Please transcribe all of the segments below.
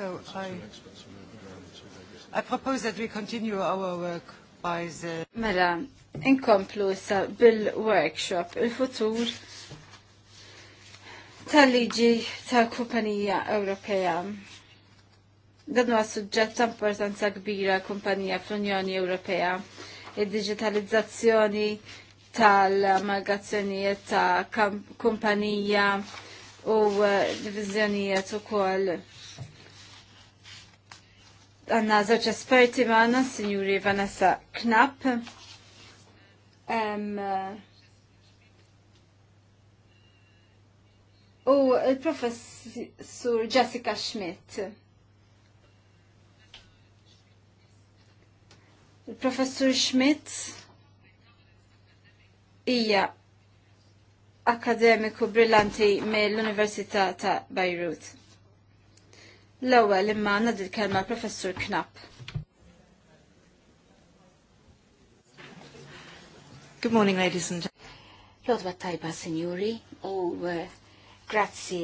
So I, I propose that we continue our work by the... Mela, inkomplu issa bil-workshop il-futur tal-liġi tal-Kumpanija Ewropea. Dan huwa suġġett ta' importanza kbira kumpanija fl-Unjoni Ewropea. Id-digitalizzazzjoni tal-amalgazzjonijiet ta' kumpanija u uh, divizjonijiet ukoll għanna zoċ esperti maħna, signori Vanessa Knapp. Um, u il-professur Jessica Schmidt. Il-professur Schmidt hija akademiku brillanti mill-Università ta' Beirut L-ewwel imma għandna l kelma professur Knapp. Good morning, ladies and gentlemen. Lodwa tajba, signori, u eh, grazzi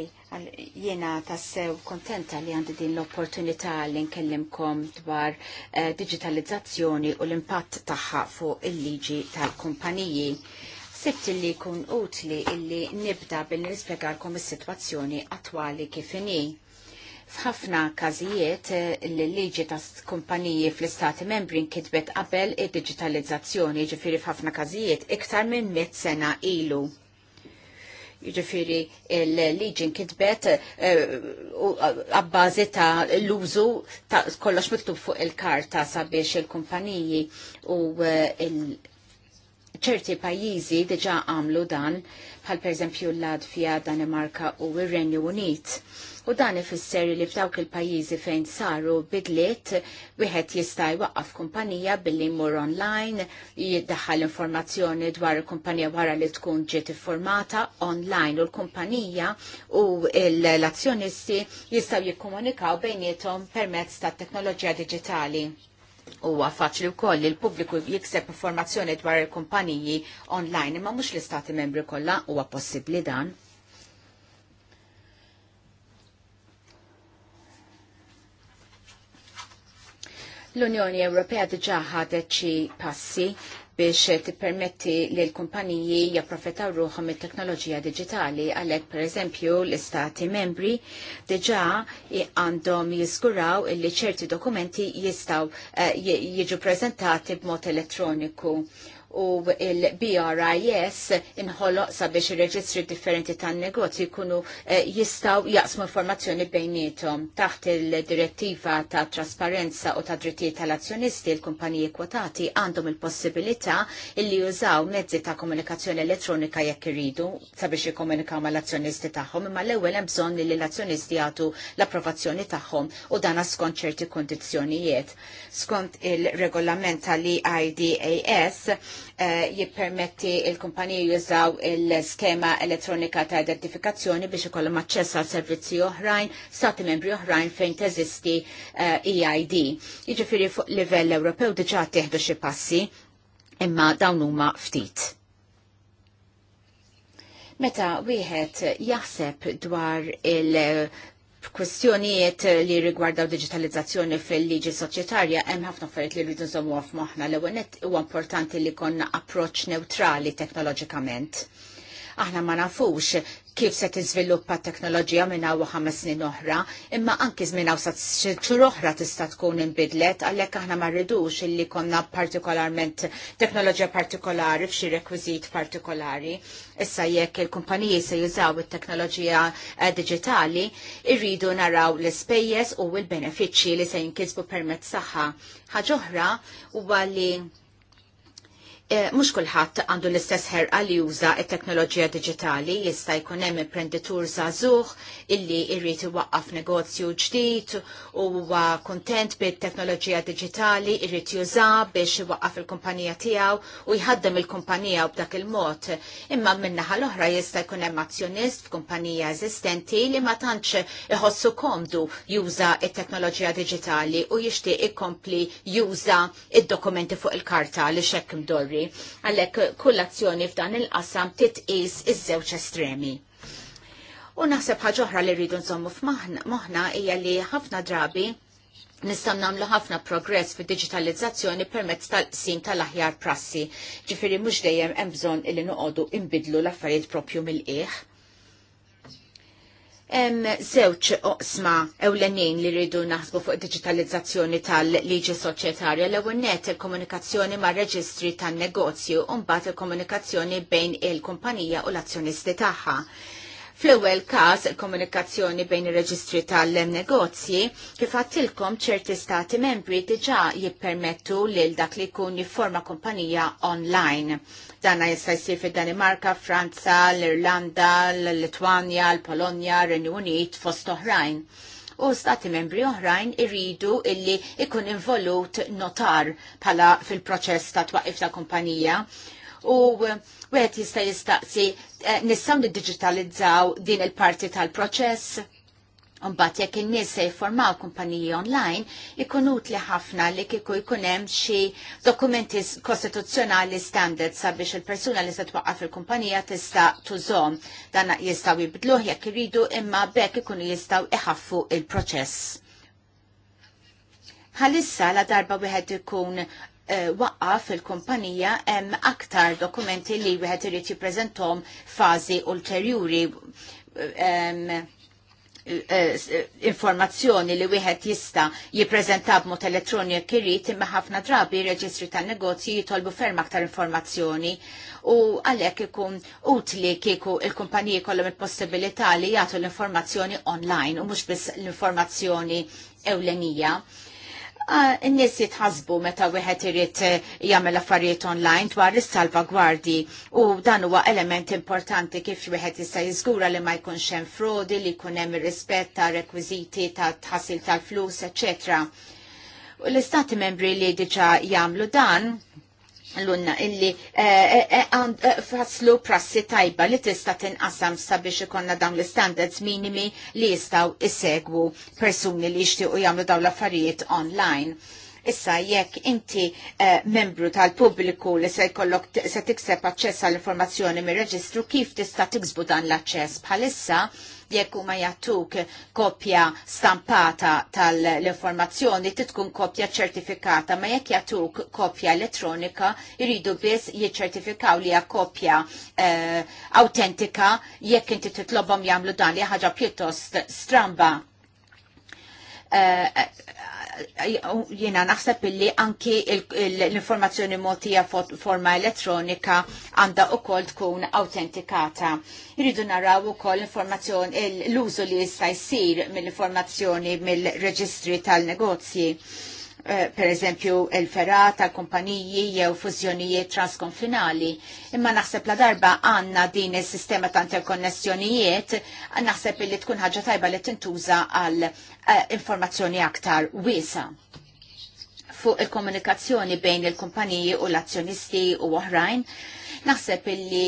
jena tassew kontenta li għandi din l-opportunità li nkellimkom dwar eh, digitalizzazzjoni u l-impatt tagħha fuq il-liġi tal-kumpaniji. Sitt li kun utli illi nibda bil nispjegalkom is-sitwazzjoni attwali kif inhi F'ħafna każijiet eh, l-liġi ta' kumpaniji fl-istati membri nkitbet qabel id-digitalizzazzjoni, ġifiri f'ħafna każijiet iktar minn mit sena ilu. Ġifiri l-liġi nkitbet eh, eh, għabbażi ta' l-użu ta' kollox miktub fuq il-karta sabiex il-kumpaniji u ċerti pajjiżi diġa għamlu dan, bħal per l-Latvija, Danimarka u ir-Renju Unit U dan ifisser li f'dawk il-pajjiżi fejn saru bidliet wieħed jista' jwaqqaf kumpanija billi mmur online, jiddaħħal informazzjoni dwar il-kumpanija wara li tkun ġiet formata online u l-kumpanija u l-azzjonisti jistgħu jikkomunikaw bejniethom permezz tat-teknoloġija diġitali huwa faċli wkoll li l-pubbliku jikseb informazzjoni dwar il-kumpaniji online imma mhux l-istati membri kollha huwa possibbli dan. L-Unjoni Ewropea diġa ħadet xi passi biex tippermetti li l-kumpaniji japprofetaw ruħom il-teknoloġija digitali għalek per eżempju l-istati membri diġa għandhom jiżguraw li ċerti dokumenti jistaw eh, jiġu prezentati b'mod elettroniku u il-BRIS inħoloq sabiex il-reġistri differenti tan negozju jkunu eh, jistaw jaqsmu informazzjoni bejnietom taħt il-direttiva ta' trasparenza u ta' drittijiet tal-azzjonisti il-kumpaniji kwotati għandhom il-possibilità illi jużaw mezzi ta' komunikazzjoni elettronika jekk iridu sabiex jikkomunikaw mal-azzjonisti tagħhom imma l-ewwel hemm bżonn li l-azzjonisti jagħtu l-approvazzjoni tagħhom u dan skont ċerti kundizzjonijiet. Skont il-regolament tal-EIDAS Eh, jippermetti il-kumpaniji jużaw il-skema elettronika ta' identifikazzjoni biex ikollhom aċċess għal servizzi oħrajn, stati membri oħrajn fejn teżisti EID. Eh, e jiġifieri fuq livell Ewropew diġà teħdu xi passi, imma dawn huma ftit. Meta wieħed jaħseb dwar il- kwestjonijiet li rigwardaw digitalizzazzjoni fil-liġi soċjetarja hemm ħafna affarijiet li rridu nżommu f'moħħna l-ewwel huwa importanti li konna approċċ neutrali teknoloġikament. Aħna ma nafux kif se tiżviluppa t-teknoloġija minna u ħames snin oħra, imma anki żmien hawn xhur oħra tista' tkun inbidlet għalhekk aħna ma rridux illi konna partikolarment teknoloġija partikolari f'xi rekwiżit partikolari. Issa jekk il-kumpaniji se jużaw it-teknoloġija eh, diġitali, irridu naraw l-ispejjeż u l-benefiċċji li se jinkisbu permezz saħħa. Ħaġa oħra huwa li Eh, mux kullħat għandu l-istess ħer li juża il teknoloġija digitali, jista' jkun hemm imprenditur żagħżugħ illi jrid iwaqqaf negozju ġdid u huwa kuntent bit-teknoloġija digitali jrid juża biex iwaqqaf il-kumpanija tiegħu u jħaddem il-kumpanija b'dak il-mod. Imma min-naħa l-oħra jista' jkun hemm azzjonist f'kumpanija eżistenti li ma tantx iħossu komdu juża il teknoloġija digitali u jixtieq ikompli juża id-dokumenti fuq il-karta li xekk mdorri membri għalhekk kull azzjoni f'dan il-qasam titqis iż-żewġ estremi. U naħseb ħaġa oħra li rridu nżommu f'moħħna hija li ħafna drabi nistam namlu ħafna progress fi digitalizzazzjoni permezz tal-qsim tal-aħjar prassi, ġifiri mhux dejjem hemm bżonn li noqogħdu imbidlu l-affarijiet propju mill-qiegħ. Em, zewċ oqsma ewlenin li rridu naħsbu fuq digitalizzazzjoni tal-liġi soċjetarja l ewwel net il-komunikazzjoni ma' reġistri tan-negozju u mbagħad il-komunikazzjoni bejn il-kumpanija u l-azzjonisti tagħha. Fl-ewwel każ il-komunikazzjoni bejn ir-reġistri tal-negozji kif għattilkom ċerti stati membri diġà jippermettu lil dak li jkun jifforma kumpanija online. Dan jista' jsir fid-Danimarka, Franza, l-Irlanda, l-Litwanja, l-Polonja, Renju Unit fost oħrajn u stati membri oħrajn irridu illi ikun involut notar pala fil-proċess ta' twaqif ta' kumpanija. U Wieħed jista' jistaqsi eh, nistgħu digitalizzaw din il-parti tal-proċess. Mbagħad jekk in-nies se jiformaw kumpaniji online, ikun utli ħafna li kiku jkun hemm xi dokumenti kostituzzjonali standard sabiex il-persuna li se twaqqaf il-kumpanija tista' tużom. Dan jistaw jibdluh jekk iridu imma bekk ikunu jistgħu iħaffu il-proċess. Bħalissa la darba wieħed ikun Eh, waqqaf il-kumpanija hemm aktar dokumenti li wieħed irid jippreżentom fażi ulterjuri eh, informazzjoni li wieħed jista jippreżenta b'mod elettronik irid imma ħafna drabi reġistri tan-negozji jitolbu ferm aktar informazzjoni u għalhekk ikun utli kieku il-kumpaniji kollhom il-possibilità li jagħtu l-informazzjoni online u mhux biss l-informazzjoni ewlenija Ah, n-nies jitħasbu meta wieħed irid eh, jagħmel affarijiet online dwar is-salvagwardi u dan huwa element importanti kif wieħed jista' jiżgura li ma jkunx hemm frodi li jkun hemm ir-rispett ta' rekwiżiti ta' tħassil tal-flus, eċċetera. U l-istati membri li diġà jagħmlu dan l-unna illi eh, eh, eh, faslu prassi tajba li tista tinqasam sabiex ikonna dawn l-standards minimi li jistaw isegwu persuni li jixtiequ jagħmlu dawn l-affarijiet online Issa jekk inti eh, membru tal-pubbliku li se jkollok se tikseb aċċess għall-informazzjoni mir-reġistru kif tista' tiksbu dan l-aċċess bħalissa jekk huma jagħtuk kopja stampata tal-informazzjoni titkun kopja ċertifikata, ma jekk jagħtuk kopja elettronika jridu biss jiċċertifikaw li hija kopja eh, autentika jekk inti titlobhom jagħmlu dan li ħaġa pjuttost stramba Eh, eh, eh, jiena naħseb illi anki l-informazzjoni motija forma elettronika għandha wkoll tkun autentikata. Iridu naraw ukoll informazzjoni l-użu li jista' jsir mill-informazzjoni mill-reġistri tal-negozji Eh, per eżempju il ferata tal-kumpaniji jew fużjonijiet transkonfinali. Imma naħseb la darba għanna din is-sistema ta' interkonnessjonijiet, naħseb li tkun ħaġa tajba li tintuża għal eh, informazzjoni aktar wiesa fuq il-komunikazzjoni bejn il-kumpaniji u l-azzjonisti u oħrajn. Naħseb illi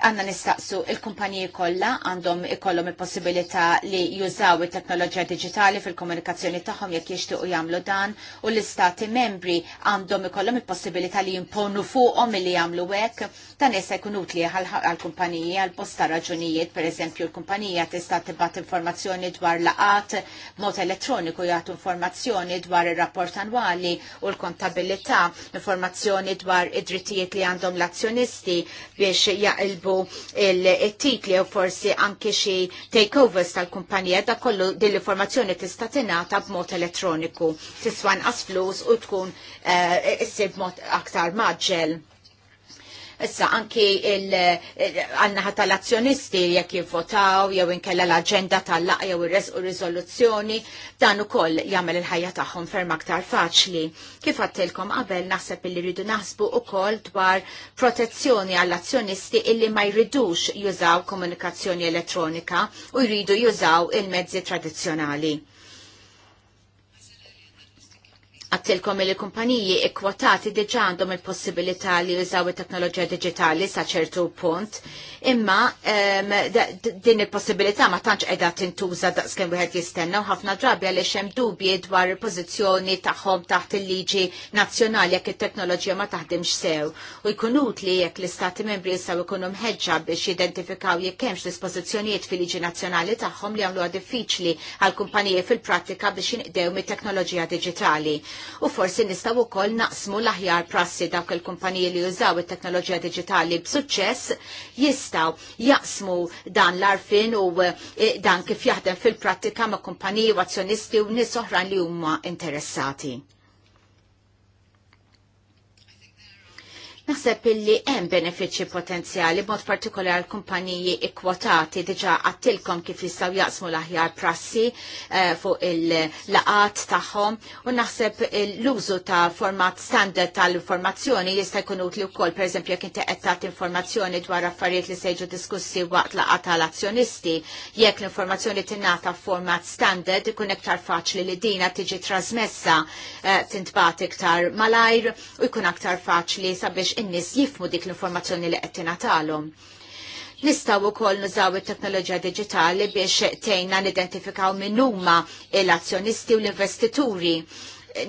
għanna nistaqsu il-kumpaniji kollha għandhom ikollhom il-possibilità li jużaw it-teknoloġija digitali fil-komunikazzjoni tagħhom jekk jixtiequ jagħmlu dan u l-istati membri għandhom ikollhom il-possibilità li jimponu fuqhom li jagħmlu hekk dan jista' jkun utli għall-kumpaniji għal bosta raġunijiet, pereżempju l-kumpanija tista' tibgħat informazzjoni dwar laqat mod elettroniku jagħtu informazzjoni dwar ir-rapport annwali u l-kontabilità, informazzjoni dwar id-drittijiet li għandhom l-azzjonisti biex jaqilbu intejbu il-titli u forsi anke xi takeovers tal-kumpanija da kollu din l-informazzjoni tista' tingħata b'mod elettroniku. Tiswan as flus u tkun eh, issib b'mod aktar maġġel. Issa anki għanna tal-azzjonisti jekk jivvotaw, jew inkella l-agenda tal-laqja jew u riżoluzzjoni dan ukoll jagħmel il-ħajja tagħhom ferm aktar faċli. Kif għattilkom qabel naħseb illi rridu naħsbu ukoll dwar protezzjoni għall-azzjonisti illi ma jridux jużaw komunikazzjoni elettronika u jridu jużaw il-mezzi tradizzjonali Għattilkom il kumpaniji ikkwotati diġa għandhom il-possibilità li jużaw it-teknoloġija digitali sa ċertu punt, imma din il-possibilità ma tantx qiegħda tintuża daqskemm wieħed jistenna u ħafna drabi għaliex hemm dubji dwar il-pożizzjoni tagħhom taħt il-liġi nazzjonali jekk it-teknoloġija ma taħdimx sew u jkun utli jekk l-istati membri jistgħu jkunu mħeġġa biex jidentifikaw jekk hemmx dispożizzjonijiet fil-liġi nazzjonali tagħhom li għamluha diffiċli għal kumpaniji fil-prattika biex jinqdew mit-teknoloġija diġitali u forsi nistaw ukoll naqsmu l-aħjar prassi dawk il-kumpaniji li jużaw it-teknoloġija digitali b'suċċess jistaw jaqsmu dan l-arfin u eh, dan kif jaħdem fil-prattika ma' kumpaniji u azzjonisti u nies oħra li huma interessati. Naħseb illi hemm benefiċċji potenzjali b'mod partikolar kumpaniji ikkwotati diġà għattilkom kif jistgħu jaqsmu l-aħjar prassi eh, fuq il-laqat tagħhom u naħseb l-użu ta' format standard tal-informazzjoni jista' jkun utli wkoll pereżempju jekk inti qed tagħti informazzjoni dwar affarijiet li sejġu diskussi waqt laqgħa tal-azzjonisti jekk l-informazzjoni tingħata format standard ikun iktar faċli li dina tiġi trasmessa eh, tintbat iktar malajr u jkun aktar faċli sabiex in-nies jifmu dik l-informazzjoni li qed tingħatalhom. Nistaw u koll nużaw il-teknoloġija digitali biex tejna nidentifikaw minnuma l-azzjonisti u l-investituri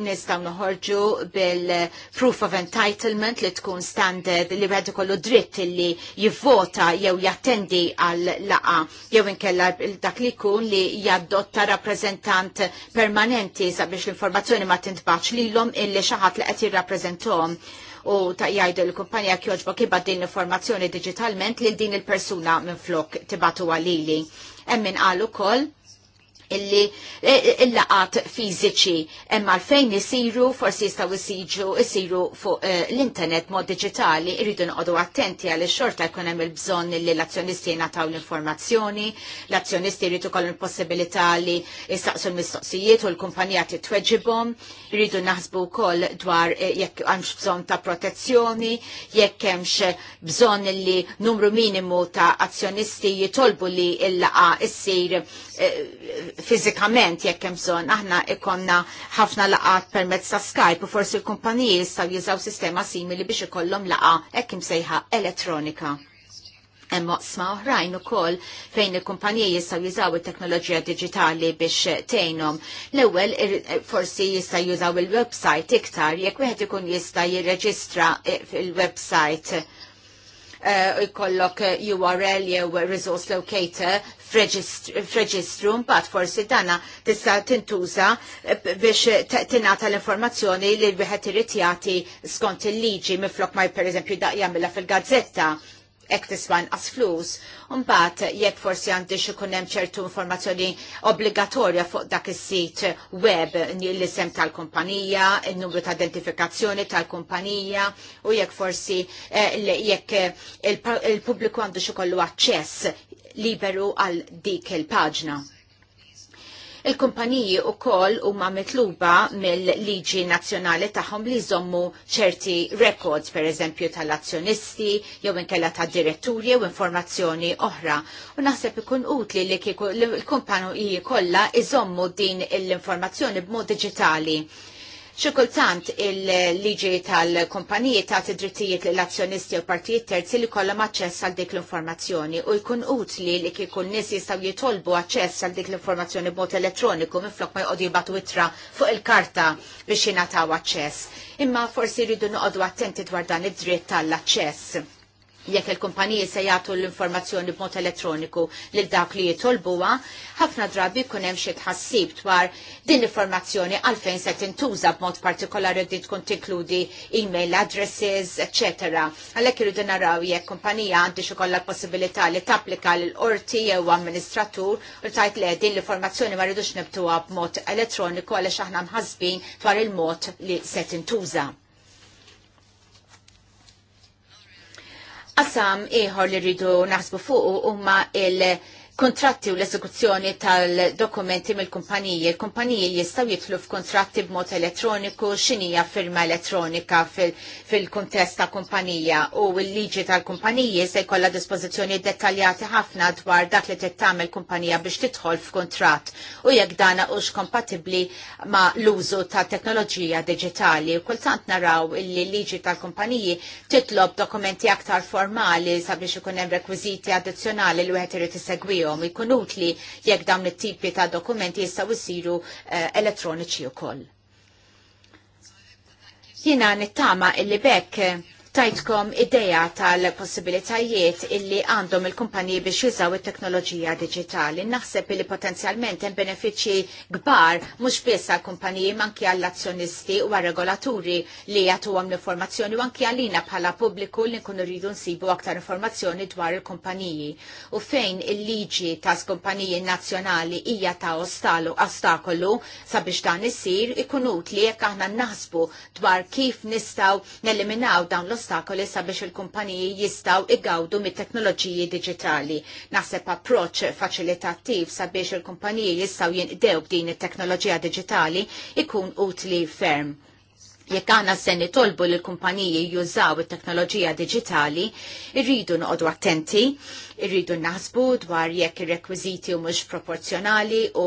nistaw noħorġu bil-proof of entitlement li tkun standard li għadu kollu dritt li jivvota jew jattendi għal laqa jew inkella dak li kun li jaddotta rappresentant permanenti sabiex l-informazzjoni ma tintbaċ li l-lom illi xaħat li għati rappresentom u ta' jgħidu l-kumpanija kjoġbo kiba din l-informazzjoni digitalment li din il-persuna minn flok tibatu għalili. Emmin għalu kol, illi eh, eh, il-laqat fiziċi, imma l-fejn isiru forsi jistgħu jisiru isiru fuq eh, l-internet mod digitali irridu noqogħdu attenti għal xorta jkun hemm il-bżonn li l-azzjonisti jingħataw l-informazzjoni, l-azzjonisti jridu kollu l-possibilità li jistaqsu l-mistoqsijiet u l-kumpanija titweġibhom, irridu naħsbu wkoll dwar jekk għandx bżonn ta' protezzjoni, jekk hemmx bżonn li numru minimu ta' azzjonisti jitolbu li l-laqa issir fizikament jekk hemm bżonn aħna ikonna ħafna laqat permezz ta' Skype u forsi l-kumpaniji jistgħu jużaw sistema simili biex ikollhom laqa hekk imsejħa elettronika. Hemm oqsma oħrajn ukoll fejn il-kumpaniji jistgħu jużaw it-teknoloġija diġitali biex tgħinhom. L-ewwel forsi jistgħu jużaw il-website iktar jekk wieħed ikun jista' jirreġistra fil-website eh, jkollok URL jew resource locator f'reġistru mbagħad forsi dana tista' tintuża eh, biex tingħata l-informazzjoni li wieħed irid jagħti skont il-liġi miflok ma pereżempju daqjamilha fil-gazzetta ek tisman as flus. Umbat, jekk forsi għandi xikunem ċertu informazzjoni obbligatorja fuq dak is-sit web l-isem tal-kumpanija, il-numru ta' identifikazzjoni tal-kumpanija, u jekk forsi eh, jekk eh, il-pubbliku għandu xikollu aċċess liberu għal dik il-paġna. Il-kumpaniji u koll u ma mitluba mill-liġi nazjonali taħħom li jżommu ċerti records, per eżempju, tal-azzjonisti, jew inkella ta' diretturi u informazzjoni oħra. U naħseb ikun utli li l-kumpaniji kollha iżommu din l-informazzjoni b'mod digitali Xi kultant il-liġi tal-kumpaniji ta' drittijiet l-azzjonisti u partijiet terzi li kollhom aċċess għal dik l-informazzjoni u jkun utli li kif ikun nies jistgħu jitolbu aċċess għal dik l-informazzjoni b'mod elettroniku minflok ma jqogħdu jibgħatu itra fuq il-karta biex ta' aċċess. Imma forsi rridu noqogħdu attenti dwar dan id-dritt tal-aċċess jekk il-kumpaniji se jagħtu l-informazzjoni b'mod elettroniku lil dak li jitolbuha, ħafna drabi jkun hemm xi tħassib dwar din l informazzjoni għalfejn se tintuża b'mod partikolari li tkun tinkludi email addresses, etc. Għalhekk irridu naraw jekk kumpanija għandi xi kollha l-possibilità li tapplika l qorti jew amministratur u tajt le din l-informazzjoni ma rridux nibtuha b'mod elettroniku għaliex aħna mħassbin dwar il-mod li se tintuża. Qasam ieħor li rridu naħsbu fuq huma il- kontratti u l esekuzzjoni tal-dokumenti mill-kumpaniji. Il-kumpaniji jistaw jitlu f'kontratti b'mod elettroniku xinija firma elettronika fil-kontest ta' kumpanija u l-liġi tal-kumpaniji se jkollha dispozizjoni dettaljati ħafna dwar dak li tittamel kumpanija biex tidħol f'kontratt u jekk dana hux kompatibbli ma' l-użu ta' teknoloġija digitali. Kultant naraw li l-liġi tal-kumpaniji titlob dokumenti aktar formali sabiex ikun hemm rekwiżiti addizzjonali li wieħed irid isegwihom għalihom ikun utli jekk dawn it-tipi ta' dokumenti jistgħu jsiru uh, eh, elettroniċi wkoll. Jiena nittama illi bekk eh, tajtkom ideja tal-possibilitajiet illi għandhom il-kumpaniji biex jużaw it-teknoloġija digitali. Naħseb li potenzjalment hemm benefiċċji kbar mhux biss għal kumpaniji manki għall-azzjonisti u għal-regolaturi li jagħtuhom l-informazzjoni u anki għalina bħala pubbliku li nkunu rridu nsibu aktar informazzjoni dwar il-kumpaniji u fejn il-liġi ta' kumpaniji nazzjonali hija ta' ostalu ostakolu sabiex dan isir ikun utli jekk aħna naħsbu dwar kif nistgħu neliminaw dawn l ostakoli sabiex il-kumpaniji jistaw igawdu mit-teknoloġiji digitali. Naħseb approċ faċilitattiv sabiex il-kumpaniji jistaw jinqdew b'din it-teknoloġija digitali ikun utli ferm jekk għana se nitolbu li l-kumpaniji jużaw it-teknoloġija digitali, irridu noqogħdu attenti, irridu naħsbu dwar jekk ir-rekwiżiti mux proporzjonali u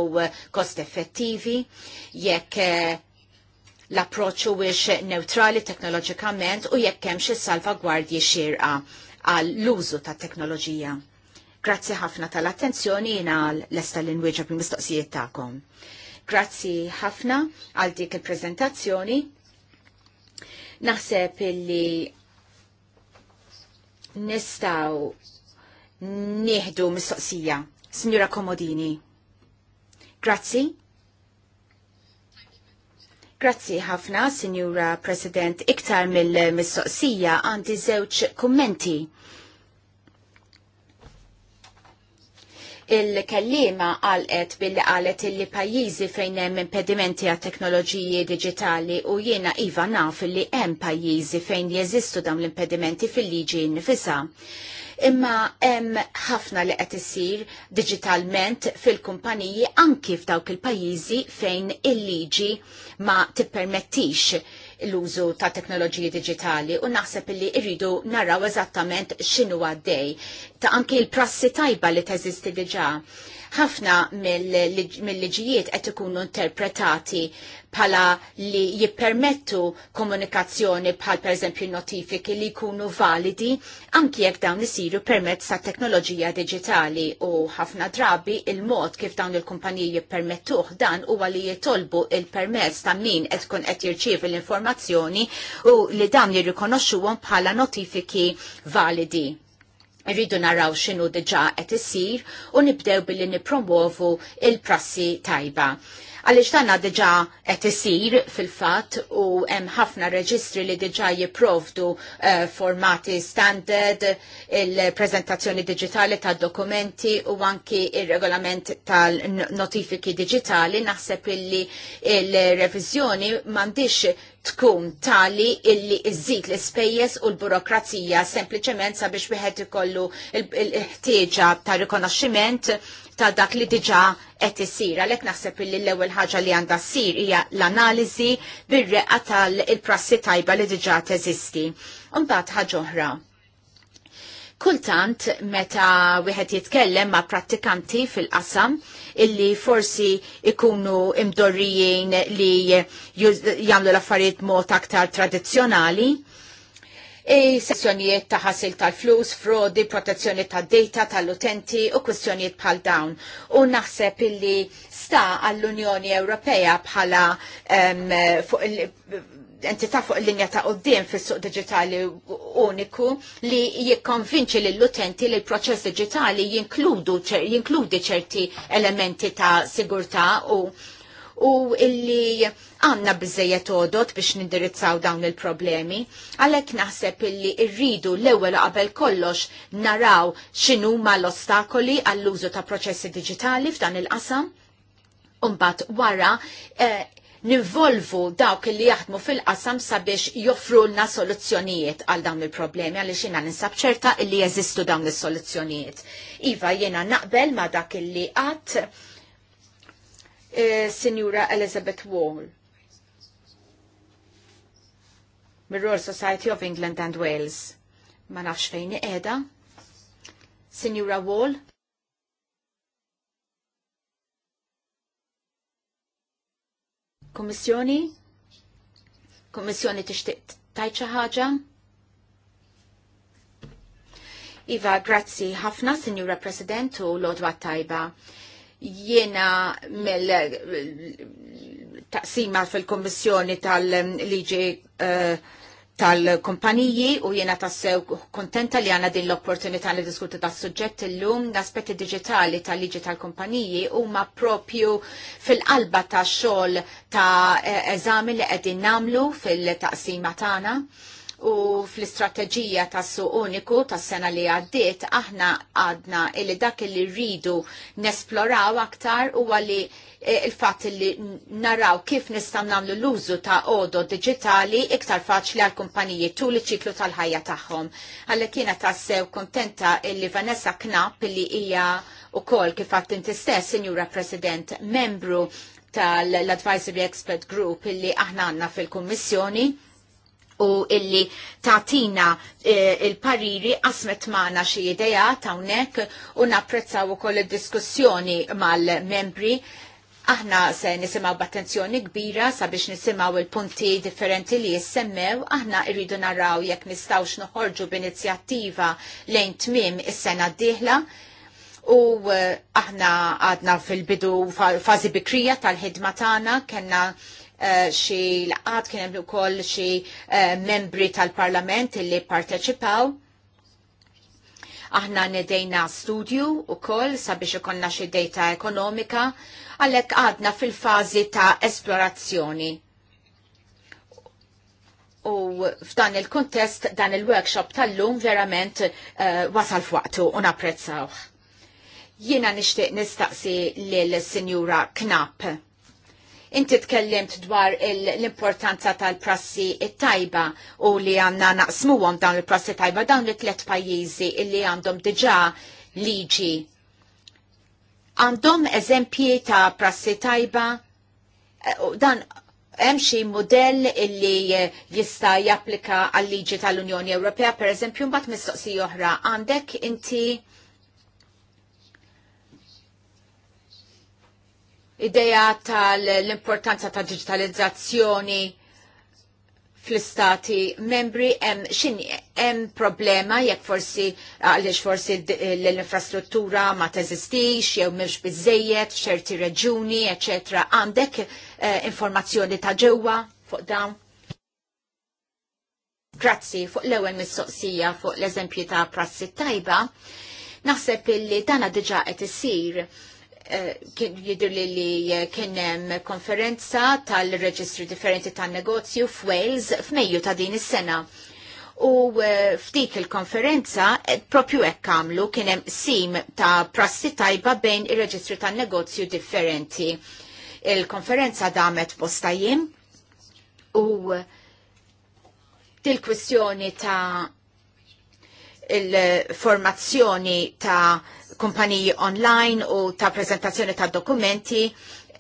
kost eh, effettivi, jekk eh, l-approċċu wix neutrali teknoloġikament u jekk hemm xi salvagwardji xirqa għal l-użu ta' teknoloġija. Grazzi ħafna tal-attenzjoni jina l-esta l-inwieġa bil-mistoqsijiet tagħkom. Grazzi ħafna għal dik il-prezentazzjoni. Naħseb illi nistaw nieħdu mistoqsija. Signora Komodini. Grazzi. Grazzi ħafna, Sinjura President, iktar mill-mistoqsija għandi żewġ kummenti. il-kellima għalqet billi għalet illi pajjiżi fejn hemm impedimenti għat teknoloġiji digitali u jiena iva naf li hemm pajjiżi fejn jeżistu dawn l-impedimenti fil-liġi nifisa imma hemm ħafna li qed isir diġitalment fil-kumpaniji anki f'dawk il-pajjiżi fejn il-liġi ma tippermettix l-użu ta' teknoloġiji digitali u naħseb li irridu naraw eżattament x'inhu għaddej ta' anki l-prassi tajba li teżisti diġà. Ħafna mill-liġijiet qed ikunu interpretati pala li jippermettu komunikazzjoni bħal per eżempju notifiki li jkunu validi anki jekk dawn isiru permezz ta' teknoloġija digitali u ħafna drabi il-mod kif dawn il-kumpaniji jippermettuh dan huwa li jitolbu il permezz ta' min qed tkun qed jirċievi l-informazzjoni u li dawn jirrikonoxxuhom bħala notifiki validi. Rridu naraw x'inhu diġà qed isir u nibdew billi nippromovu il-prassi tajba għaliex tanna diġà qed isir fil-fatt u hemm ħafna reġistri li diġa' jipprovdu eh, formati standard, il-preżentazzjoni diġitali tad dokumenti u anki il regolament tal-notifiki diġitali naħseb illi il-reviżjoni m'għandix tkun tali illi iżid l-ispejjeż u l-burokrazija sempliċement sabiex wieħed ikollu il-ħtieġa ta' rikonoxximent ta' dak li diġa qed isir. Għalhekk naħseb li l-ewwel ħaġa li għandha ssir hija l-analiżi bir-reqqa tal-prassi tajba li diġa teżisti. mbagħad ħaġa oħra. Kultant meta wieħed jitkellem ma' prattikanti fil-qasam illi forsi ikunu imdorrijin li jagħmlu l-affarijiet mod aktar tradizzjonali, e sessjonijiet ta' ħasil tal-flus, frodi, protezzjoni ta' data tal-utenti u kwistjonijiet bħal dawn. U naħseb illi sta għall-Unjoni Ewropea bħala um, fuq il- fuq linja ta' qoddim fis-suq digitali uniku li jikkonvinċi lill utenti li l-proċess digitali jinkludi ċerti elementi ta' sigurtà u u illi għanna bizzejet odot biex nindirizzaw dawn il-problemi. Għalek naħseb illi irridu l-ewel qabel kollox naraw xinu ma l-ostakoli għall-użu ta' proċessi digitali f'dan il-qasam. Umbat wara eh, nivolvu dawk li jaħdmu fil-qasam sabiex joffru na soluzzjonijiet għal dawn il-problemi għal xina ninsab ċerta illi jeżistu dawn is-soluzzjonijiet. Iva jiena naqbel ma dak illi qatt Eh, Signora Elizabeth Wall mir Royal Society of England and Wales. Ma nafx fejn qiegħda. Sinjura Wall. Kommissjoni? Kommissjoni tixtieq tajt xi ħaġa? Iva, grazzi ħafna, Signora President, u Lord odwa tajba. Jiena mill taqsima fil-Kommissjoni tal-Liġi eh, tal-kompaniji u jiena tassew kontenta li għanna din l-opportunità li diskuti ta' suġġett illum l-aspetti digitali tal-liġi tal-kompaniji u ma propju fil-qalba ta' xol ta' eh, eżami li għedin namlu fil-taqsima tana. Ta u fl-istrateġija ta' suq uniku tas sena li għaddiet aħna għadna illi dak li rridu nesploraw aktar u għalli il-fat li e, naraw kif nistan namlu l-użu ta' odo digitali iktar faċli għal kumpaniji tul iċ-ċiklu tal-ħajja tagħhom. Għalli kiena tassew kontenta illi Vanessa Knapp li hija u kol kif għattin tistess, Signora President, membru tal-Advisory Expert Group illi aħna għanna fil-Kommissjoni u illi tatina e, il-pariri asmet maħna xie ideja tawnek u napprezzaw u koll diskussjoni mal-membri. Aħna se nisimaw b'attenzjoni kbira sabiex nisimaw il-punti differenti li jissemmew, aħna irridu naraw jekk nistawx noħorġu b'inizjattiva lejn tmim is-sena d-dieħla u eh, aħna għadna fil-bidu fażi bikrija tal-ħidma tagħna kellna Eh, xi laqat kien hemm ukoll xi eh, membri tal-Parlament li parteċipaw. Aħna nedejna studju koll sabiex ikonna xi data ekonomika għalhekk għadna fil-fażi ta' esplorazzjoni. U f'dan il-kontest dan il-workshop tal-lum verament uh, wasal f'waqtu u napprezzawh. Jiena nixtieq nistaqsi l-Senjura Knapp Inti tkellimt dwar l-importanza tal-prassi tajba u li għanna naqsmuhom dawn il-prassi tajba dawn li tlet pajjiżi illi għandhom diġà liġi. Għandhom eżempji ta' prassi tajba eh, dan hemm xi modell illi eh, jista' japplika għal liġi tal-Unjoni Ewropea, pereżempju mbagħad mistoqsija oħra għandek inti ideja tal-importanza ta' digitalizzazzjoni fl-istati membri hemm xin hemm problema jekk forsi għaliex forsi l-infrastruttura ma teżistix jew mhux biżejjed f'ċerti reġuni, etc. Għandek eh, informazzjoni ta' ġewwa fuq dawn? Grazzi fuq l-ewwel mistoqsija fuq l eżempju ta' prassi tajba. Naħseb illi dana diġa qed isir kien jidur li li eh, kien konferenza tal-reġistri differenti tal-negozju f'Wales f'Mejju ta' din is-sena. U eh, f'dik il-konferenza eh, propju hekk kien hemm sim ta' prassi tajba bejn ir-reġistri tan-negozju differenti. Il-konferenza damet postajim u til-kwistjoni ta' il-formazzjoni ta' kumpaniji online u ta' prezentazzjoni ta' dokumenti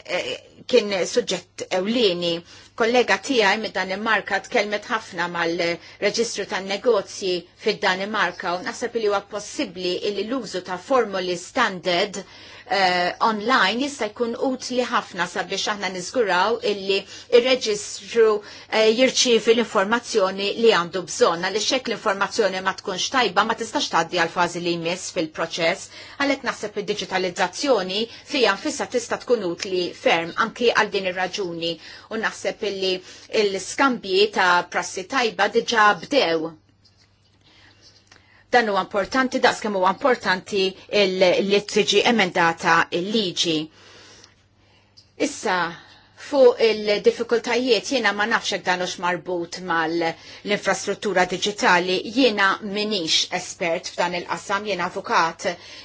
eh, kien suġġett ewlieni. Kollega tiegħi mid-Danimarka tkellmet ħafna mal-Reġistru tan-Negozji fid-Danimarka u naħseb li huwa possibbli li l-użu ta' formuli standard Eh, online jista' jkun utli ħafna sabiex aħna niżguraw illi ir-reġistru eh, jirċievi l-informazzjoni li għandu bżonn għaliex hekk l-informazzjoni ma tkunx tajba ma tistax tgħaddi għal fażi li jmiss fil-proċess għalhekk naħseb id-diġitalizzazzjoni fija nfissa tista' tkun utli ferm anki għal din ir-raġuni u naħseb illi l-skambji ta' prassi tajba diġà bdew Dan huwa importanti daqs kemm huwa importanti li tiġi emendata il-liġi. Issa Fuq il-diffikultajiet jiena ma nafx hekk danux marbut mal-infrastruttura digitali jiena minix espert f'dan il-qasam jiena avukat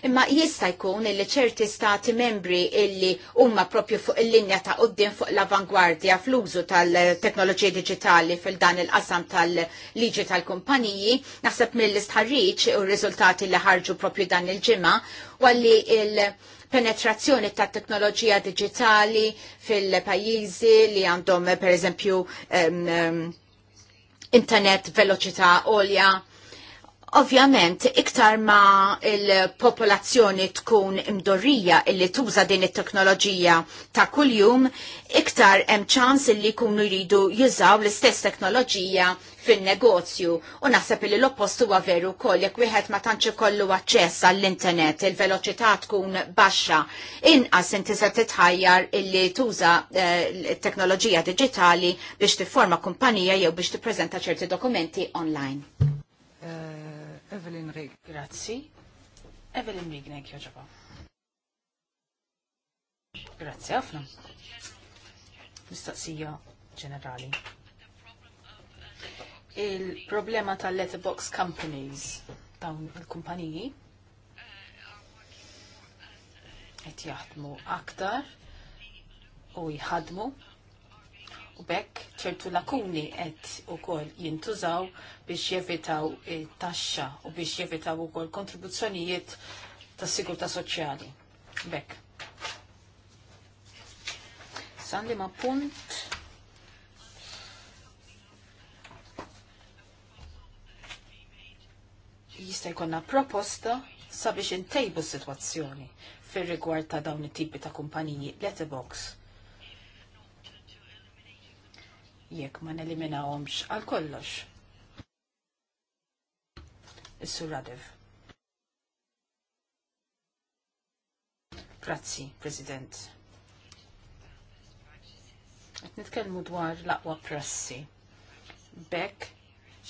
imma jista' jkun li ċerti stati membri illi huma propju fuq il-linja ta' uddin fuq l-avangwardja fl-użu tal-teknoloġija digitali fil-dan il-qasam tal-liġi tal-kumpaniji naħseb mill-istħarriċ u r-riżultati li ħarġu propju dan il-ġimgħa Walli għalli il- penetrazzjoni ta' teknoloġija digitali fil-pajjiżi li għandhom per eżempju um, internet veloċità olja. Ovvjament, iktar ma il-popolazzjoni tkun imdorrija illi tuża din it-teknoloġija ta' kuljum, iktar hemm ċans illi jkunu jridu jużaw l-istess teknoloġija fin-negozju u naħseb li l-oppost huwa veru wkoll jekk wieħed ma tantx ikollu aċċess għall-internet il-veloċità tkun baxxa inqas inti se titħajjar illi tuża t-teknoloġija eh, diġitali biex tifforma kumpanija jew biex tippreżenta ċerti dokumenti online. Eh, Evelyn Rig. Grazzi. Evelyn Rig nek joġoba. Grazzi ħafna. Mistaqsija ġenerali il-problema tal-letterbox companies, dawn il-kumpaniji, qed jaħdmu aktar u jħadmu u bekk ċertu lakuni qed ukoll jintużaw biex jevitaw taxxa u biex jevitaw ukoll kontribuzzjonijiet tas sigurtà soċjali. Bekk. Sandi ma punt jista' jkollna proposta sabiex intejbu s-sitwazzjoni fir-rigward ta' dawn it-tipi ta' kumpaniji letterbox. Jekk ma neliminawhomx għal kollox. Is-Sur Radev. Grazzi, President. Qed nitkellmu dwar l-aqwa prassi. Bekk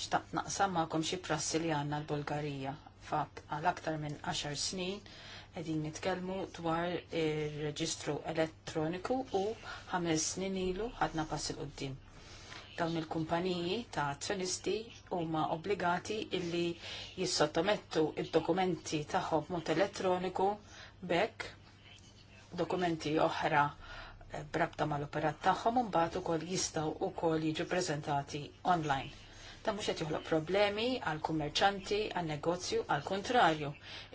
xtaqt naqsam kom xi prassi li għandna l-Bulgarija. Fatt għal aktar minn 10 snin qegħdin nitkellmu dwar ir-reġistru elettroniku u ħames snin ilu ħadna pass il qoddim Dawn il-kumpaniji ta' azzjonisti huma obbligati illi jissottomettu il dokumenti il tagħhom mod elettroniku bekk dokumenti oħra eh, brabta mal-operat tagħhom u mbagħad ukoll jistgħu wkoll jiġu prezentati online ta' mhux qed joħloq problemi għal kummerċanti, għal negozju, għal kontrarju.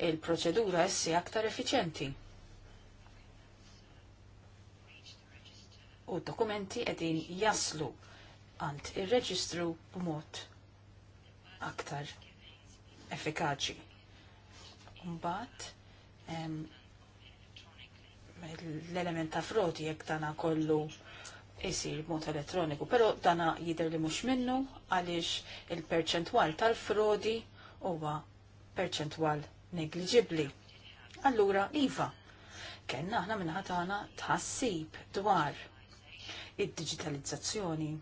Il-proċedura essi aktar effiċenti. U dokumenti qegħdin jaslu għand ir-reġistru b'mod aktar effikaċi. Mbagħad l-element ta' frodi jekk tana kollu isir mod elettroniku, pero dana jider li mhux minnu għaliex il-perċentwal tal-frodi huwa perċentwal negliġibbli. Allura, iva, kellna aħna minħatana tħassib dwar id-digitalizzazzjoni.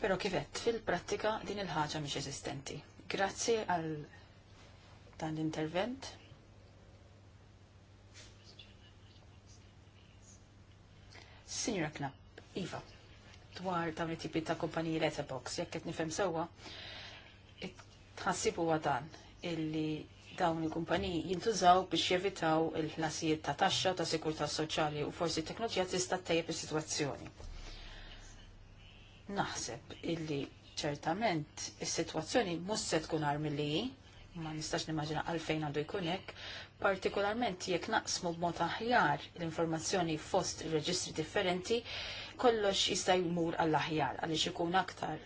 Pero kifett, fil-prattika din il-ħaġa mhix eżistenti. Grazzi għal dan l-intervent. Signora Knapp, Iva, dwar dawn it-tipi ta' kumpaniji letterbox, jekk qed nifhem sewwa, tħassibu dan illi dawn il-kumpaniji jintużaw biex jevitaw il-ħlasijiet ta' taxxa ta' sikurtà soċjali u forsi t teknoloġija tista' tejjeb is-sitwazzjoni. Naħseb illi ċertament is-sitwazzjoni mhux se tkun armilli ma nistax nimmaġina għalfejn għandu jkun hekk, partikolarment jekk naqsmu b'mod aħjar l-informazzjoni fost reġistri differenti, kollox jista' jmur għall-aħjar għaliex ikun aktar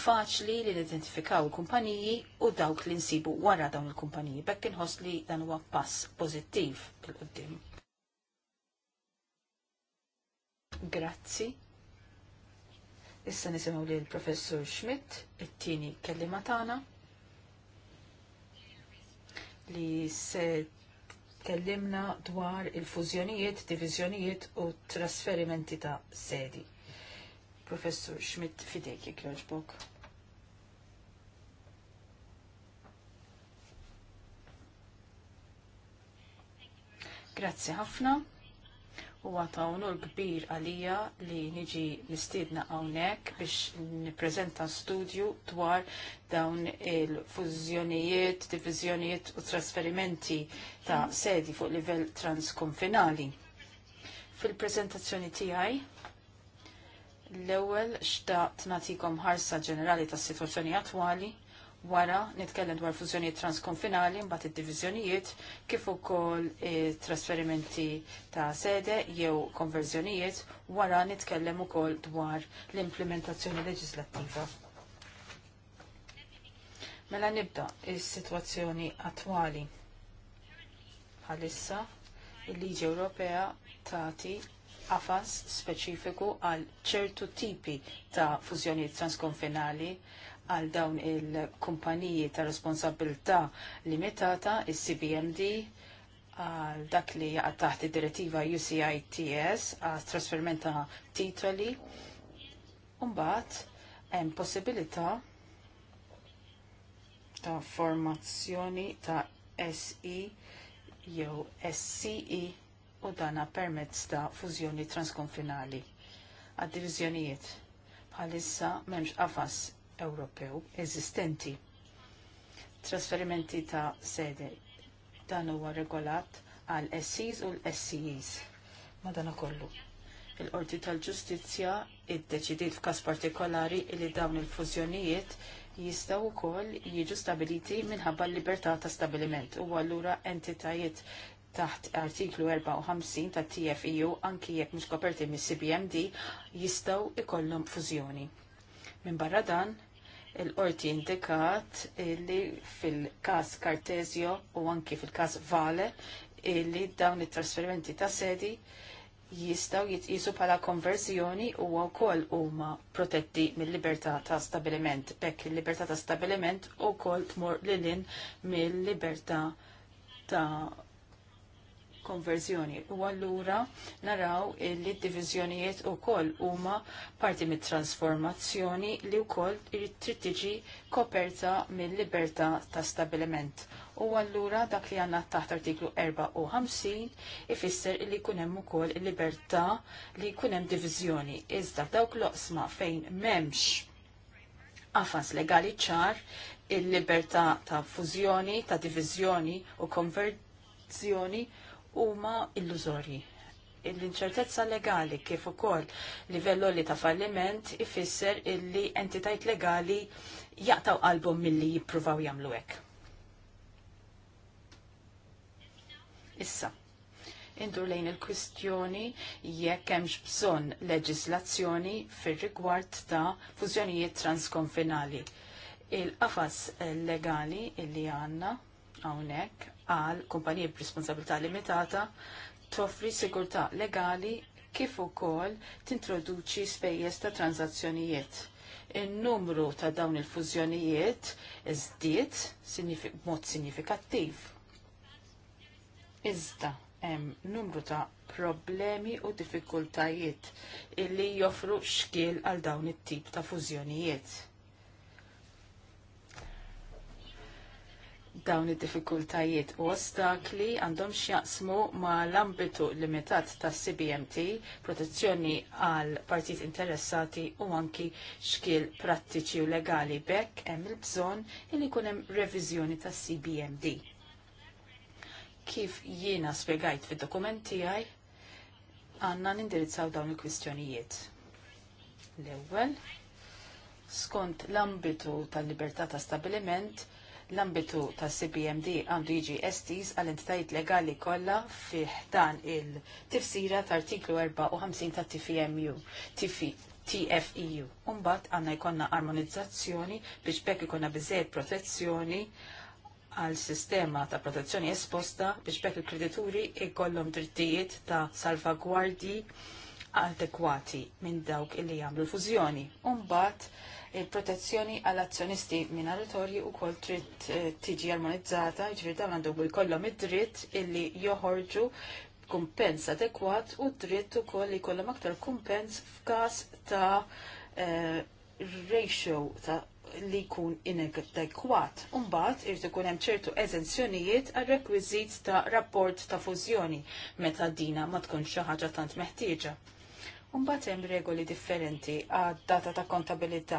faċli li identifikaw il-kumpaniji u dawk li nsibu wara dawn il-kumpaniji bekk inħoss li dan huwa pass pożittiv il-qudiem. Grazzi. Issa nisimgħu l professur Schmidt, it-tieni kellimatana. tagħna li se tkellimna dwar il-fużjonijiet, divizjonijiet u trasferimenti ta' sedi. Professor Schmidt fidejk jek joġbok. Grazzi ħafna u għatawnu l-kbir għalija li niġi nistidna għawnek biex niprezenta studju dwar dawn il-fużjonijiet, divizjonijiet u trasferimenti ta' sedi fuq livell transkonfinali. Fil-prezentazzjoni tiegħi l-ewwel xta' nagħtikom ħarsa ġenerali tas-sitwazzjoni attwali wara nitkellem dwar fużjonijiet transkonfinali mbagħad id-diviżjonijiet kif ukoll trasferimenti ta' sede jew konverżjonijiet wara nitkellem ukoll dwar l-implementazzjoni leġislattiva. Mela nibda is-sitwazzjoni attwali. Bħalissa il-Liġi Ewropea tagħti qafas speċifiku għal ċertu tipi ta' fużjonijiet transkonfinali għal dawn il-kumpaniji ta' responsabilità limitata, il-CBMD, għal dak li għad taħt id-direttiva UCITS għal trasferment ta' titoli. Umbat, hemm possibilità ta' formazzjoni ta' SE jew SCE u dana permezz ta' fużjoni transkonfinali għad diviżjonijiet. Bħalissa memx qafas Ewropew eżistenti. Trasferimenti ta' sede dan huwa regolat għal SCs u l-SCEs. Madana kollu. Il-Qorti tal-Ġustizzja iddeċidiet f'każ partikolari li dawn il-fużjonijiet jistgħu wkoll jiġu stabiliti minħabba l-libertà ta' stabiliment u allura entitajiet taħt artiklu 54 ta' TFEU anki jekk mhux koperti mis cbmd jistgħu ikollhom fużjoni. Minn barra dan, il-qorti indikat li fil-kas Cartesio u anki fil-kas Vale li dawn it-trasferimenti ta' sedi jistaw jitqisu pala konverzjoni u wkoll huma protetti mill-libertà ta' stabiliment. Bekk il-libertà ta' stabiliment u kol tmur lilin mill-libertà ta' konverżjoni u allura naraw li d-diviżjonijiet ukoll huma parti mit-transformazzjoni li wkoll trid tiġi koperta mill-libertà ta' stabiliment. U allura dak li għandna taħt artiklu 54 ifisser li jkun hemm ukoll libertà li jkun hemm diviżjoni iżda dawk loqsma fejn m'hemmx għafas legali ċar il-libertà ta' fużjoni, ta' diviżjoni u konverzjoni huma illużorji. L-inċertezza legali kif ukoll livello li ta' falliment ifisser illi entitajt legali jaqtaw qalbhom milli jippruvaw jagħmlu hekk. Issa, indur lejn il-kwistjoni jekk hemmx bżonn leġislazzjoni fir-rigward ta' fużjonijiet transkonfinali. Il-qafas legali illi għandna hawnhekk għal kumpanija b'responsabilità limitata toffri sigurtà legali kif ukoll tintroduċi spejjeż ta' tranzazzjonijiet. In-numru ta' dawn il-fużjonijiet żdied b'mod sinifikattiv. Iżda hemm numru ta' problemi u diffikultajiet illi joffru xkiel għal dawn it-tip ta' fużjonijiet dawn id-diffikultajiet u ostakli għandhom xjaqsmu ma l-ambitu limitat ta' CBMT, protezzjoni għal partit interessati u anki xkil prattiċi u legali bekk hemm il-bżon il jkun hemm reviżjoni ta' CBMD. Kif jiena spiegajt fid-dokumenti għaj, għanna nindirizzaw dawn il-kwistjonijiet. L-ewwel, skont l-ambitu tal-libertà ta' stabiliment, L-ambitu ta' CBMD għandu jiġi estis għal-entitajiet legali kollha fi dan il-tifsira ta' artiklu 54 ta' TFMU, e TFEU. E Umbat għanna jkonna armonizzazzjoni biex bekk ikonna bizzejt protezzjoni għal sistema ta' protezzjoni esposta biex bekk il-kredituri ikollhom drittijiet ta' salvagwardi adekwati minn dawk li jagħmlu l-fużjoni. Umbat, il-protezzjoni għall-azzjonisti minoritorji u kol trid eh, tiġi armonizzata, ġifir għandu għandhom jkollhom id-dritt illi joħorġu kumpens adekwat u dritt ukoll li jkollhom aktar kumpens f'każ ta' eh, ratio ta' li jkun inadekwat. Umbat, irrid ikun hemm ċertu eżenzjonijiet għal rekwiżit ta' rapport ta' fużjoni meta dina ma tkun xi ħaġa tant meħtieġa. Mbagħad hemm regoli differenti għad data ta' kontabilità.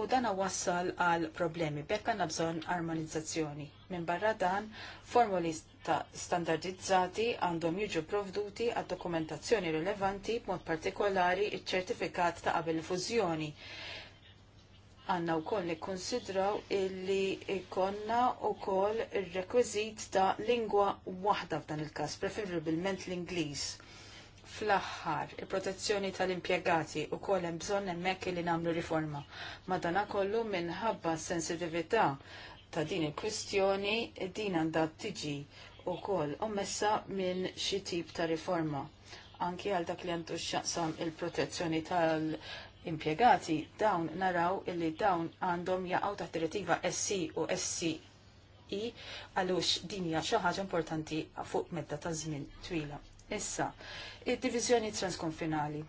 U dan wassal għal problemi bekk għandna bżonn armonizzazzjoni. Minn barra dan, formuli standardizzati għandhom jiġu provduti għad dokumentazzjoni rilevanti b'mod partikolari iċ-ċertifikat ta' qabel fużjoni għanna u koll nikkonsidraw illi ikonna u koll il-rekwizit ta' lingwa wahda f'dan il-kas, preferibilment l-Inglis fl-aħħar il-protezzjoni tal-impjegati u hemm bżonn hemmhekk li nagħmlu riforma. Madana kollu minħabba sensitività ta' din il-kwistjoni din għandha tiġi wkoll ommessa minn xi tip ta' riforma. Anki għal dak li għandu x'jaqsam il-protezzjoni tal- impjegati dawn naraw illi dawn għandhom jaqgħu taħt direttiva SC u SCI e għalux dinja xi ħaġa importanti fuq medda ta' żmien twila. Issa, id-divizjoni transkonfinali.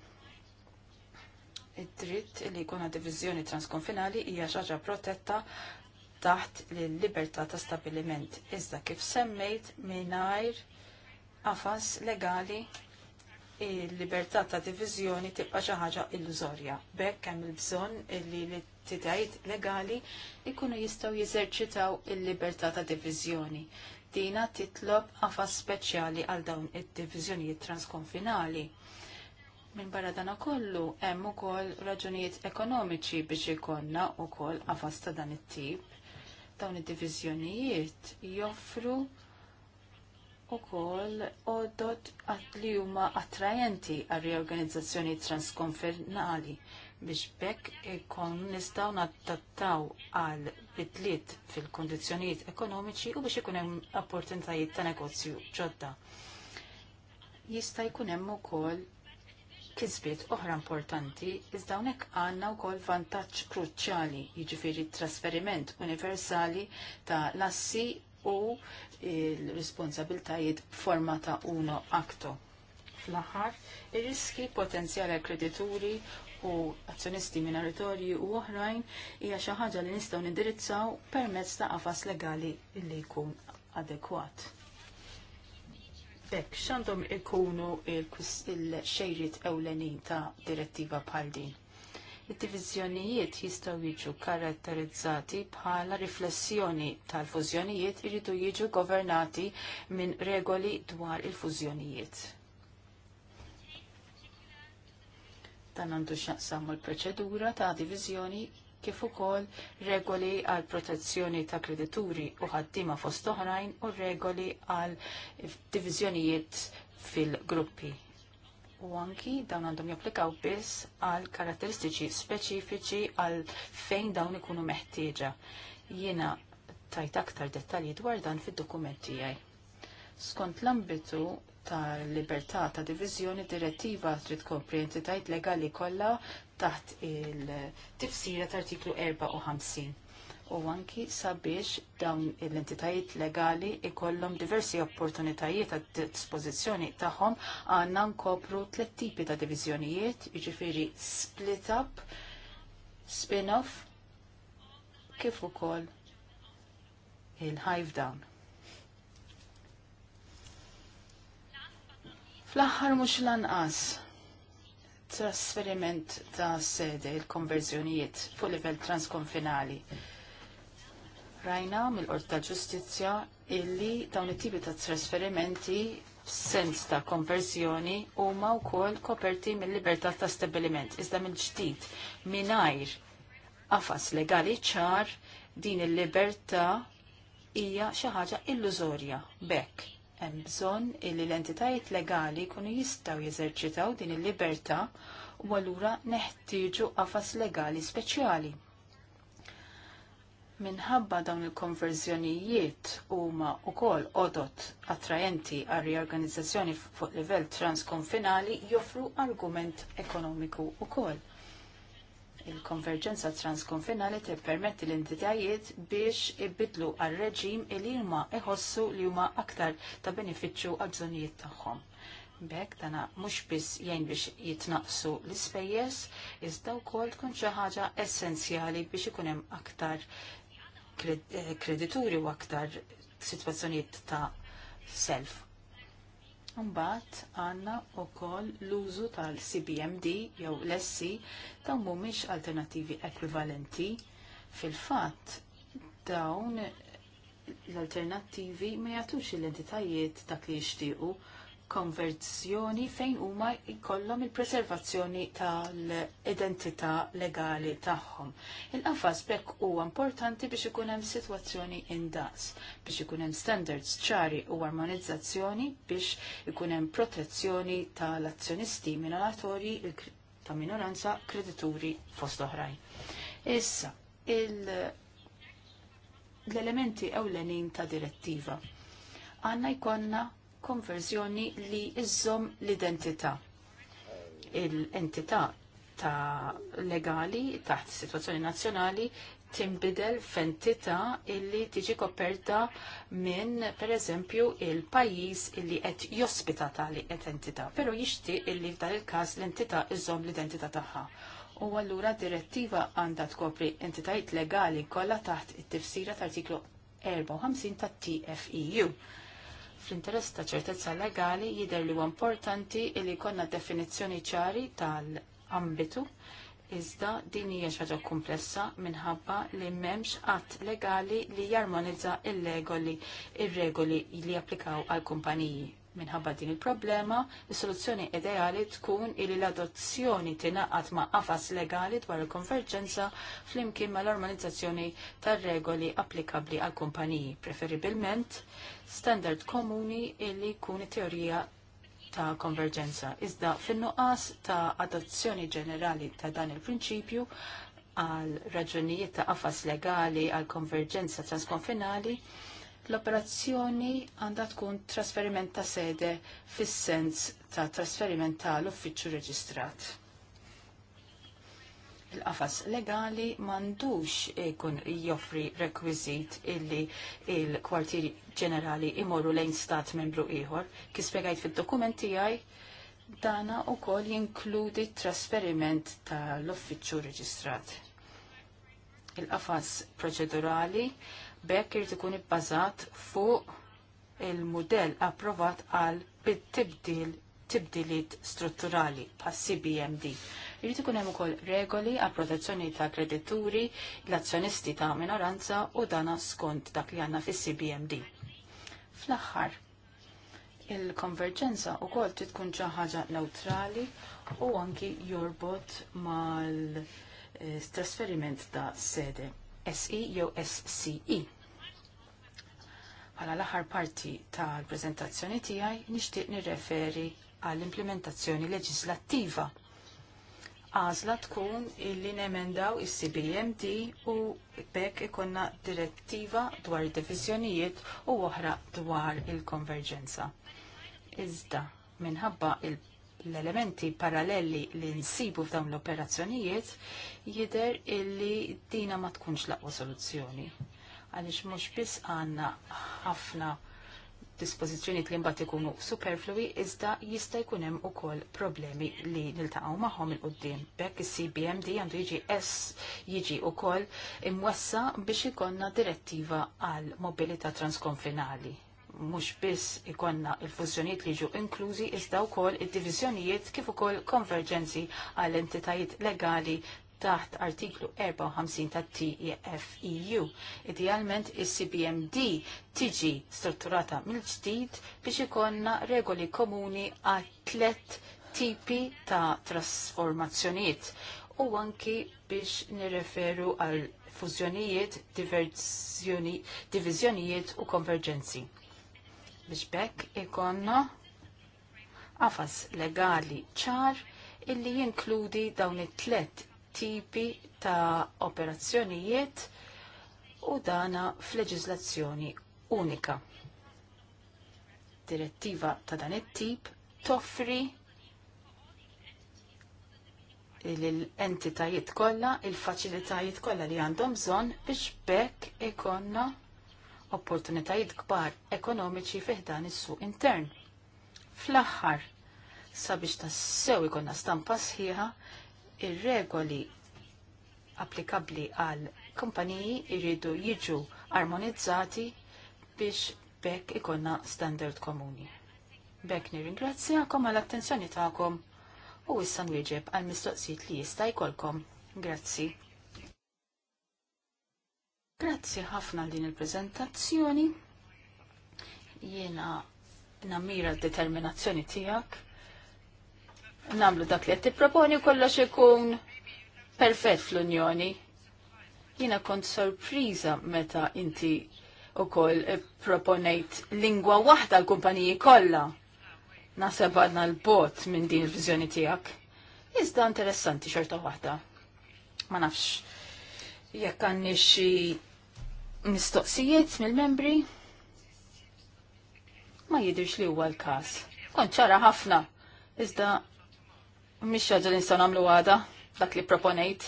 Id-dritt li kuna divizjoni transkonfinali hija xaġa protetta taħt l-libertà ta' stabiliment. Iżda kif semmejt mingħajr afas legali il-libertà ta' diviżjoni tibqa' xi ħaġa illużorja. Bekk hemm il-bżonn li l-ittitajiet legali jkunu jistgħu jeżerċitaw il-libertà ta' diviżjoni dina titlob għafa speċjali għal dawn id-divizjonijiet transkonfinali. Minn barra dana kollu, hemm ukoll raġunijiet ekonomiċi biex ikonna ukoll għafas ta' dan it-tip. Dawn id-divizjonijiet joffru ukoll oddot li huma attrajenti għal riorganizzazzjoni transkonfinali biex bekk ikon nistaw nattattaw għal bidliet fil kondizjoniet ekonomiċi u biex ikun hemm opportunitajiet ta' negozju ġodda. Jista' jkun hemm ukoll kisbiet oħra importanti iżda hawnhekk għandna wkoll vantaġġ kruċjali, jiġifieri trasferiment universali ta' lassi u l-responsabiltajiet b'forma ta' uno akto. Fl-aħħar, ir-riski potenzjali kredituri u azzjonisti minoritorji u oħrajn hija xi ħaġa li nistgħu nindirizzaw permezz ta' qafas legali li jkun adekwat. Bekk, x'għandhom ikunu il-xejrit ewlenin ta' direttiva bħal din? Id-diviżjonijiet jistgħu jiġu karatterizzati bħala riflessjoni tal-fużjonijiet irridu jiġu governati minn regoli dwar il-fużjonijiet Dan għandu x'jaqsam l-proċedura ta' diviżjoni kif ukoll regoli għal protezzjoni ta' kredituri u ħaddiema fost oħrajn u regoli għal diviżjonijiet fil-gruppi. U anki dawn għandhom japplikaw biss għal karatteristiċi speċifiċi għal fejn dawn ikunu meħtieġa. Jiena tajt aktar dettalji dwar dan fid-dokument tiegħi. Skont l-ambitu tal-libertà ta' divizjoni direttiva trid tkopri entitajiet legali kollha taħt il-tifsira ta' artiklu 54 u anki sabiex dawn l-entitajiet legali ikollhom diversi opportunitajiet għad dispożizzjoni tagħhom għandna nkopru tliet tipi ta' diviżjonijiet, jiġifieri split up, spin-off, kif ukoll il-hive down. Fl-aħħar mhux lanqas trasferiment ta' sede il-konverżjonijiet fuq livell transkonfinali. Rajna mill qorta tal-Ġustizzja illi dawn it-tipi ta' trasferimenti f'sens ta' konverzjoni huma wkoll koperti mill-libertà ta' stabiliment iżda mill-ġdid mingħajr qafas legali ċar din il-libertà hija xi ħaġa illużorja bekk hemm bżonn li l-entitajiet legali jkunu jistgħu jeżerċitaw din il-libertà u allura neħtieġu qafas legali speċjali. Minħabba dawn il-konverżjonijiet huma wkoll odot attrajenti għal riorganizzazzjoni fuq livell transkonfinali joffru argument ekonomiku wkoll. Il-konverġenza transkonfinali tippermetti l-entitajiet biex ibidlu għal reġim il ilma iħossu li huma aktar ta' benefiċċju għal bżonnijiet tagħhom. Bek dana mhux biss jgħin biex jitnaqsu l-ispejjeż iżda wkoll tkun xi ħaġa essenzjali biex ikun hemm aktar eh, kredituri u aktar sitwazzjonijiet ta' self Mbagħad għandna wkoll l-użu tal-CBMD jew l-SC dawn mhumiex alternattivi ekvivalenti. Fil-fatt dawn l-alternattivi ma jagħtux l-entitajiet dak li jixtiequ konverzjoni fejn huma jkollhom il-preservazzjoni tal-identità legali tagħhom. Il-qafas bekk huwa importanti biex ikun hemm sitwazzjoni indaqs, biex ikun hemm standards ċari u armonizzazzjoni biex ikun hemm protezzjoni tal-azzjonisti minoratori ta' minoranza kredituri fost oħrajn. Issa, l-elementi ewlenin ta' direttiva għanna jkonna konverżjoni li iżżomm l-identità. Il-entità ta' legali taħt situazzjoni nazzjonali timbidel f'entità illi tiġi koperta minn per eżempju il-pajis illi qed jospita tali qed entità, però jixtieq illi f'dan il-każ l-entità iżżomm l-identità tagħha. U allura direttiva għandha tkopri entitajiet legali kollha taħt it-tifsira tal-artiklu 54 tat-TFEU fl-interess ta' ċertezza legali jidher li huwa importanti li jkollna definizzjoni ċari tal-ambitu iżda din hija xi ħaġa komplessa minħabba li m'hemmx att legali li jarmonizza il-regoli ir-regoli li japplikaw għall kumpaniji. Minħabba din il-problema, is-soluzzjoni ideali tkun li l-adozzjoni tingħaqad ma' qafas legali dwar il-konverġenza flimkien mal l-armonizzazzjoni tar-regoli applikabbli għal kumpaniji, preferibilment standard komuni illi jkun teorija ta' konverġenza. Iżda fin-nuqqas ta' adozzjoni ġenerali ta' dan il-prinċipju għal raġunijiet ta' qafas legali għal konverġenza transkonfinali, L-operazzjoni għandha tkun trasferiment ta' sede fis-sens ta' trasferiment tal-uffiċċju reġistrat. Il-qafas legali mandux ikun joffri rekwizit illi il-kwartieri ġenerali imorru lejn stat membru ieħor. Kispegajt fil-dokumenti għaj, dana u kol jinkludi trasferiment tal-uffiċċju reġistrat. Il-qafas proċedurali bekk irid ikun ibbażat fuq il-mudell approvat għal bit-tibdil tibdiliet strutturali pas CBMD. Jrid ikun hemm ukoll regoli għal protezzjoni ta' kredituri, l-azzjonisti ta' minoranza u dana skont dak li għandna fis-CBMD. Fl-aħħar, il-konverġenza u kol trid tkun xi ħaġa neutrali u anki jorbot mal-trasferiment eh, ta' sede SE jew SCE Bħala l-aħħar parti tal-preżentazzjoni tiegħi nixtieq nirreferi għall-implementazzjoni leġislattiva. Għażla tkun illi nemendaw is-CBMD u bekk ikonna direttiva dwar id-diviżjonijiet u oħra dwar il-konverġenza. Iżda minħabba il l-elementi paralleli li nsibu f'dawn l-operazzjonijiet jider illi dina ma tkunx laqwa soluzzjoni għaliex mhux biss għandna ħafna dispozizjoni li mbagħad ikunu superflui iżda jista' jkun hemm ukoll problemi li niltaqgħu magħhom il qoddim Bekk is-CBMD għandu jiġi S jiġi kol imwassa biex ikonna direttiva għal mobilità transkonfinali. Mhux biss ikonna il fuzjoniet li ġu inklużi iżda wkoll id-diviżjonijiet kif ukoll konverġenzi għal entitajiet legali taħt artiklu 54 ta' TEFEU. Idealment il-CBMD tiġi strutturata mill-ġdid biex ikonna regoli komuni għal tlet tipi ta' trasformazzjonijiet u anki biex nirreferu għal fużjonijiet, divizjonijiet u konverġenzi. Biex bekk ikonna għafas legali ċar illi jinkludi dawn it-tlet tipi ta' operazzjonijiet u dana f'leġiżlazzjoni unika. Direttiva ta' dan it-tip toffri l-entitajiet kollha, il-faċilitajiet kollha li għandhom bżonn biex bekk ikonna opportunitajiet kbar ekonomiċi fih dan is-suq intern. Fl-aħħar, sabiex tassew ikonna stampa sħiħa, ir-regoli applikabli għal kumpaniji irridu jiġu armonizzati biex bekk ikonna standard komuni. Bekk nirringrazzjakom għal attenzjoni tagħkom u issa nwieġeb għal mistoqsijiet li jista' jkollkom. Grazzi. Grazzi ħafna għal din il prezentazzjoni Jiena namira d-determinazzjoni tiegħek namlu dak li għed proponi kollox ikun perfett fl-Unjoni. Jina kont sorpriza meta inti u koll proponejt lingwa wahda l-kumpaniji kolla. Naseb għadna l-bot minn din il-vizjoni tijak. Iżda interessanti xorta wahda. Ma nafx, jekk għanni xi mistoqsijiet mill-membri, ma jidirx li huwa l-kas. Kont ċara ħafna, iżda Mhix ħaġa l nistgħu nagħmlu għada dak li proponejt.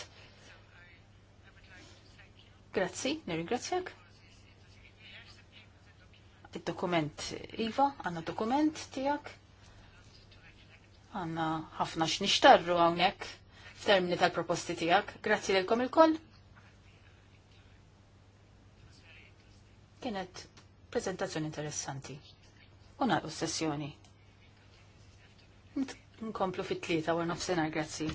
Grazzi, nirringrazzjak. Id-dokument Iva, għandna dokument tiegħek. Għanna ħafna għawnek f-termini tal-proposti tijak. Grazzi lilkom ilkoll. Kienet prezentazzjoni interessanti. U naqru sessjoni. Nkomplu fit-tlieta u nofsinhar, grazzi.